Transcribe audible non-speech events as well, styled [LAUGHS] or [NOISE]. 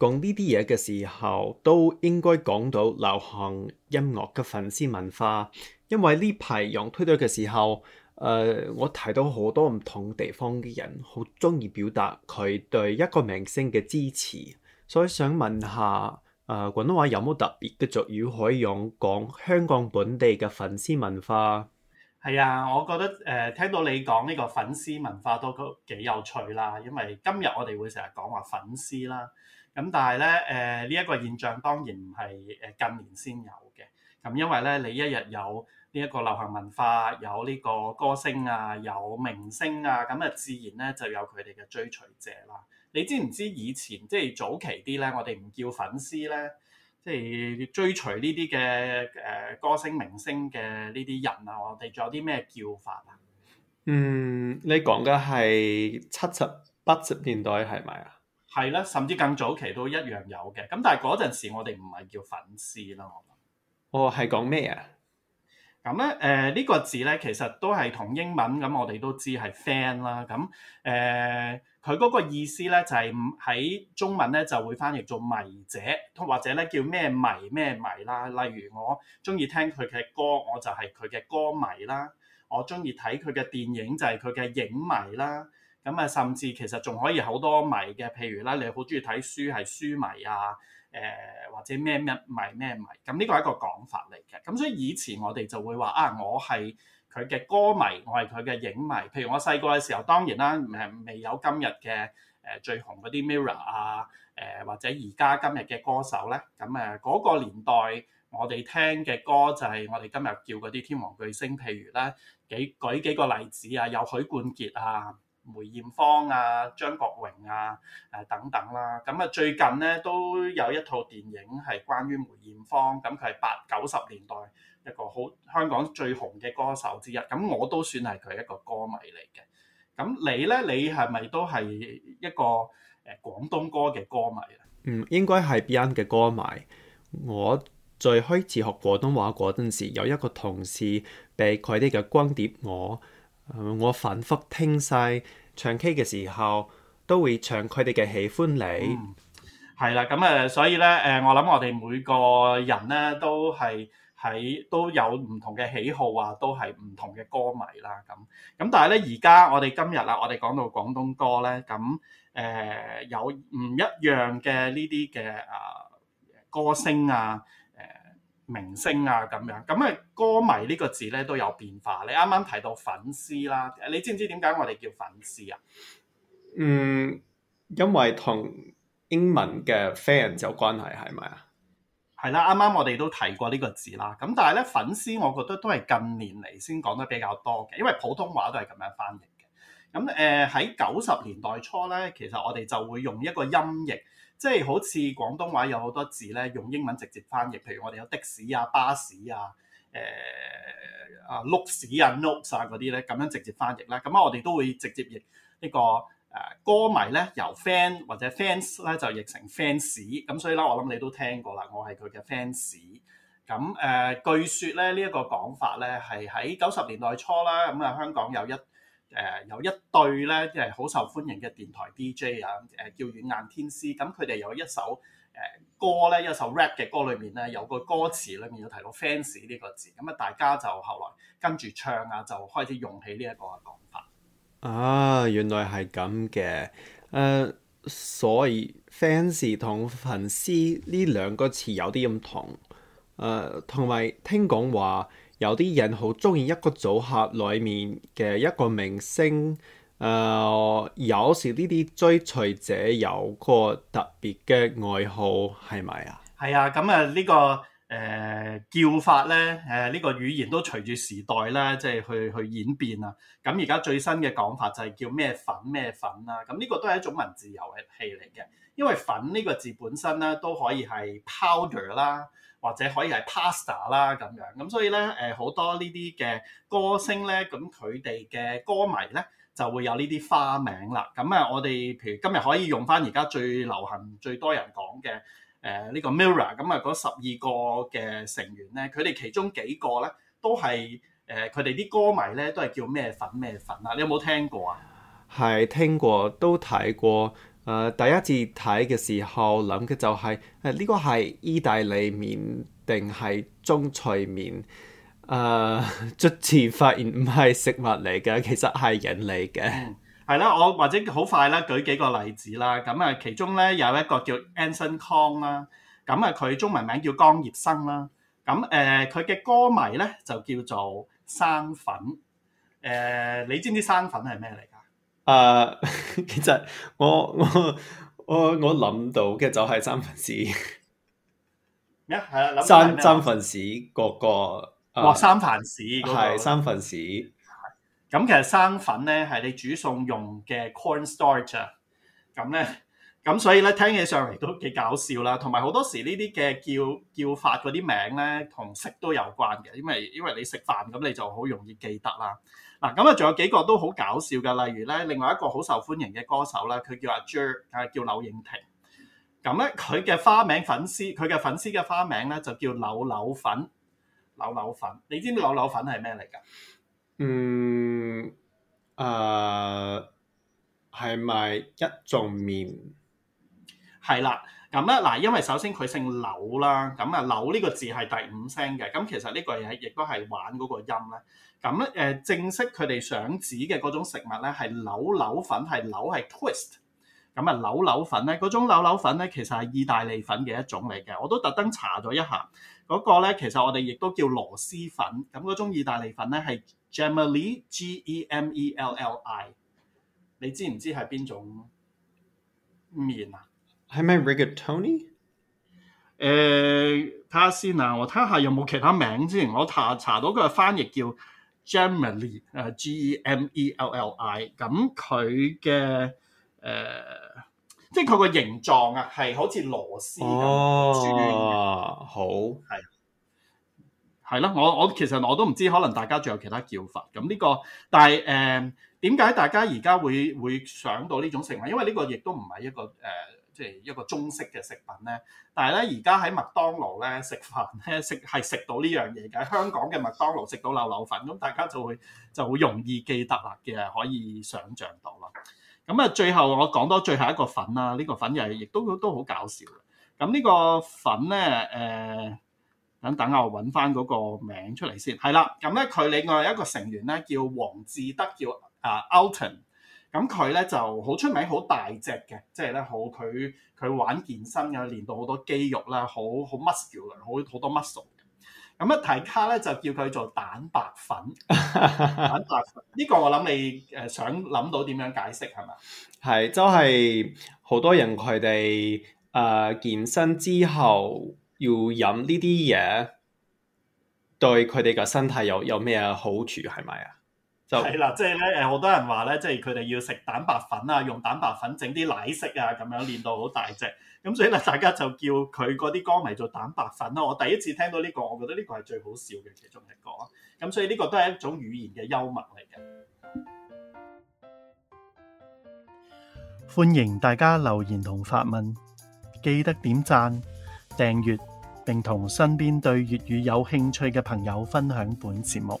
講呢啲嘢嘅時候，都應該講到流行音樂嘅粉絲文化，因為呢排用推特嘅時候，誒、呃，我睇到好多唔同地方嘅人好中意表達佢對一個明星嘅支持，所以想問下誒、呃、廣東話有冇特別嘅俗語可以用講香港本地嘅粉絲文化？係啊，我覺得誒、呃、聽到你講呢個粉絲文化都幾有趣啦，因為今日我哋會成日講話粉絲啦。咁但係咧，誒呢一個現象當然唔係誒近年先有嘅。咁因為咧，你一日有呢一個流行文化，有呢個歌星啊，有明星啊，咁啊，自然咧就有佢哋嘅追隨者啦。你知唔知以前即係早期啲咧，我哋唔叫粉絲咧，即係追隨呢啲嘅誒歌星、明星嘅呢啲人啊，我哋仲有啲咩叫法啊？嗯，你講嘅係七十八十年代係咪啊？係啦，甚至更早期都一樣有嘅。咁但係嗰陣時，我哋唔係叫粉絲啦。我諗，哦係講咩啊？咁咧，誒呢、嗯呃呢個字咧，其實都係同英文咁、嗯，我哋都知係 fan 啦。咁、嗯、誒，佢、呃、嗰個意思咧，就係、是、喺中文咧就會翻譯做迷者，或者咧叫咩迷咩迷啦。例如我中意聽佢嘅歌，我就係佢嘅歌迷啦。我中意睇佢嘅電影，就係佢嘅影迷啦。咁啊，甚至其實仲可以好多迷嘅，譬如啦，你好中意睇書係書迷啊，誒、呃、或者咩咩迷咩迷，咁呢、呢個係一個講法嚟嘅。咁、嗯、所以以前我哋就會話啊，我係佢嘅歌迷，我係佢嘅影迷。譬如我細個嘅時候，當然啦誒未，未有今日嘅誒最紅嗰啲 Mirror 啊，誒、呃、或者而家今日嘅歌手咧，咁啊嗰個年代我哋聽嘅歌就係我哋今日叫嗰啲天王巨星，譬如咧幾舉，舉幾個例子啊，有許冠傑啊。梅艷芳啊、張國榮啊、誒等等啦，咁啊最近咧都有一套電影係關於梅艷芳，咁佢係八九十年代一個好香港最紅嘅歌手之一，咁我都算係佢一個歌迷嚟嘅。咁你咧，你係咪都係一個誒廣東歌嘅歌迷啊？嗯，應該係 Beyond 嘅歌迷。我最開始學廣東話嗰陣時，有一個同事俾佢啲嘅光碟我。我反覆聽晒，唱 K 嘅時候，都會唱佢哋嘅喜歡你。係啦，咁誒，所以咧，誒、呃，我諗我哋每個人咧，都係喺都有唔同嘅喜好啊，都係唔同嘅歌迷、啊、啦。咁咁，但係咧，而家我哋今日啦，我哋講到廣東歌咧，咁誒、呃、有唔一樣嘅呢啲嘅誒歌星啊。明星啊咁樣，咁啊歌迷呢個字咧都有變化。你啱啱提到粉絲啦，你知唔知點解我哋叫粉絲啊？嗯，因為同英文嘅 fans 有關係，係咪啊？係啦，啱啱我哋都提過呢個字啦。咁但係咧，粉絲我覺得都係近年嚟先講得比較多嘅，因為普通話都係咁樣翻譯嘅。咁誒喺九十年代初咧，其實我哋就會用一個音譯。即係好似廣東話有好多字咧，用英文直接翻譯，譬如我哋有的士啊、巴士啊、誒、呃、啊碌屎人碌曬嗰啲咧，咁、啊啊、樣直接翻譯啦。咁啊，我哋都會直接譯呢、這個誒、呃、歌迷咧，由 fan 或者 fans 咧就譯成 fans。咁所以咧，我諗你都聽過啦，我係佢嘅 fans。咁、呃、誒，據說咧呢一、這個講法咧係喺九十年代初啦，咁啊香港有一。誒、呃、有一對咧，即係好受歡迎嘅電台 DJ 啊！誒、呃、叫軟硬天師，咁佢哋有一首誒、呃、歌咧，一首 rap 嘅歌裏面咧，有個歌詞裏面有提到 fans 呢個字，咁、嗯、啊大家就後來跟住唱啊，就開始用起呢一個講法。啊，原來係咁嘅。誒、uh,，所以 fans 同粉絲呢兩個詞有啲唔同。誒，同埋聽講話。有啲人好中意一個組合裏面嘅一個明星，誒、呃、有時呢啲追隨者有個特別嘅愛好，係咪啊？係、嗯、啊，咁啊呢個誒、呃、叫法咧，誒、呃、呢、這個語言都隨住時代咧，即係去去演變啊。咁而家最新嘅講法就係叫咩粉咩粉啊。咁、嗯、呢、這個都係一種文字遊戲嚟嘅，因為粉呢個字本身咧都可以係 powder 啦、啊。或者可以係 pasta 啦咁樣，咁所以咧誒好多呢啲嘅歌星咧，咁佢哋嘅歌迷咧就會有呢啲花名啦。咁、嗯、啊、嗯，我哋譬如今日可以用返而家最流行最多人講嘅誒呢個 Mirror，咁啊嗰十二個嘅成員咧，佢哋其中幾個咧都係誒佢哋啲歌迷咧都係叫咩粉咩粉啊？你有冇聽過啊？係聽過，都睇過。誒第一次睇嘅時候諗嘅就係誒呢個係意大利麵定係中脆麵？誒、呃，卒前發現唔係食物嚟嘅，其實係人嚟嘅。係啦、嗯，我或者好快啦，舉幾個例子啦。咁、嗯、啊，其中咧有一個叫 Anson Kong 啦，咁啊佢中文名叫江葉生啦。咁誒佢嘅歌迷咧就叫做生粉。誒、呃、你知唔知生粉係咩嚟？啊，uh, 其實我我我我諗到嘅就係三藩市咩啊？係啊，三三藩市、那個個哇，三藩市係三藩市。咁其實生粉咧係你煮餸用嘅 cornstarch，咁、啊、咧。咁所以咧，聽起上嚟都幾搞笑啦。同埋好多時呢啲嘅叫叫法嗰啲名咧，同食都有關嘅，因為因為你食飯咁，你就好容易記得啦。嗱，咁啊，仲有幾個都好搞笑嘅，例如咧，另外一個好受歡迎嘅歌手咧，佢叫阿 J，啊叫柳影婷。咁咧，佢嘅花名粉絲，佢嘅粉絲嘅花名咧就叫柳柳粉，柳柳粉。你知唔知柳柳粉係咩嚟㗎？嗯，誒，係咪一狀麵？係啦，咁咧嗱，因為首先佢姓柳啦，咁啊柳呢個字係第五聲嘅，咁其實呢個係亦都係玩嗰個音咧。咁咧誒，正式佢哋想指嘅嗰種食物咧係柳柳粉，係柳係 twist，咁啊柳柳粉咧嗰種柳柳粉咧其實係意大利粉嘅一種嚟嘅。我都特登查咗一下嗰個咧，其實我哋亦都叫螺絲粉，咁嗰種意大利粉咧係 gemelli，g e m e l l i，你知唔知係邊種麵啊？係咪 rigatoni？誒睇下、呃、先啊，我睇下有冇其他名先。我查查到佢嘅翻譯叫 gemelli，誒 g, eli,、呃、g e m e l l i、嗯。咁佢嘅誒，即係佢個形狀啊，係、oh, 的好似螺絲咁轉嘅。好係係啦。我我其實我都唔知，可能大家仲有其他叫法咁呢、嗯這個。但係誒點解大家而家會會想到呢種食物？因為呢個亦都唔係一個誒。呃一個中式嘅食品咧，但係咧而家喺麥當勞咧食飯咧食係食到呢樣嘢嘅，香港嘅麥當勞食到漏漏粉，咁大家就會就會容易記得啊嘅，可以想像到咯。咁啊，最後我講多最後一個粉啦，呢、這個粉又係亦都都好搞笑嘅。咁呢個粉咧，誒、呃、等等啊，我揾翻嗰個名出嚟先。係啦，咁咧佢另外一個成員咧叫黃志德，叫啊 Alton。Al ton, 咁佢咧就好出名，好大隻嘅，即係咧好佢佢玩健身嘅，練到好多肌肉啦，好好 muscle 嘅，好 muscular，好好多 muscle，嗯。咁一提卡咧就叫佢做蛋白粉， [LAUGHS] 蛋白粉呢、呢個我諗你誒想諗到點樣解釋係嘛？係 [LAUGHS] 就係、係、好多人佢哋誒健身之後要飲呢啲嘢，對佢哋嘅身體有有咩好處係咪啊？係啦就，即係咧，誒，好多人話咧，即係佢哋要食蛋白粉啊，用蛋白粉整啲奶昔啊，咁樣練到好大隻，咁所以咧，大家就叫佢嗰啲歌迷做蛋白粉咯。我第一次聽到呢個，我覺得呢個係最好笑嘅其中一個，咁所以呢個都係一種語言嘅幽默嚟嘅。歡迎大家留言同發問，記得點讚、訂閱，並同身邊對粵語有興趣嘅朋友分享本節目。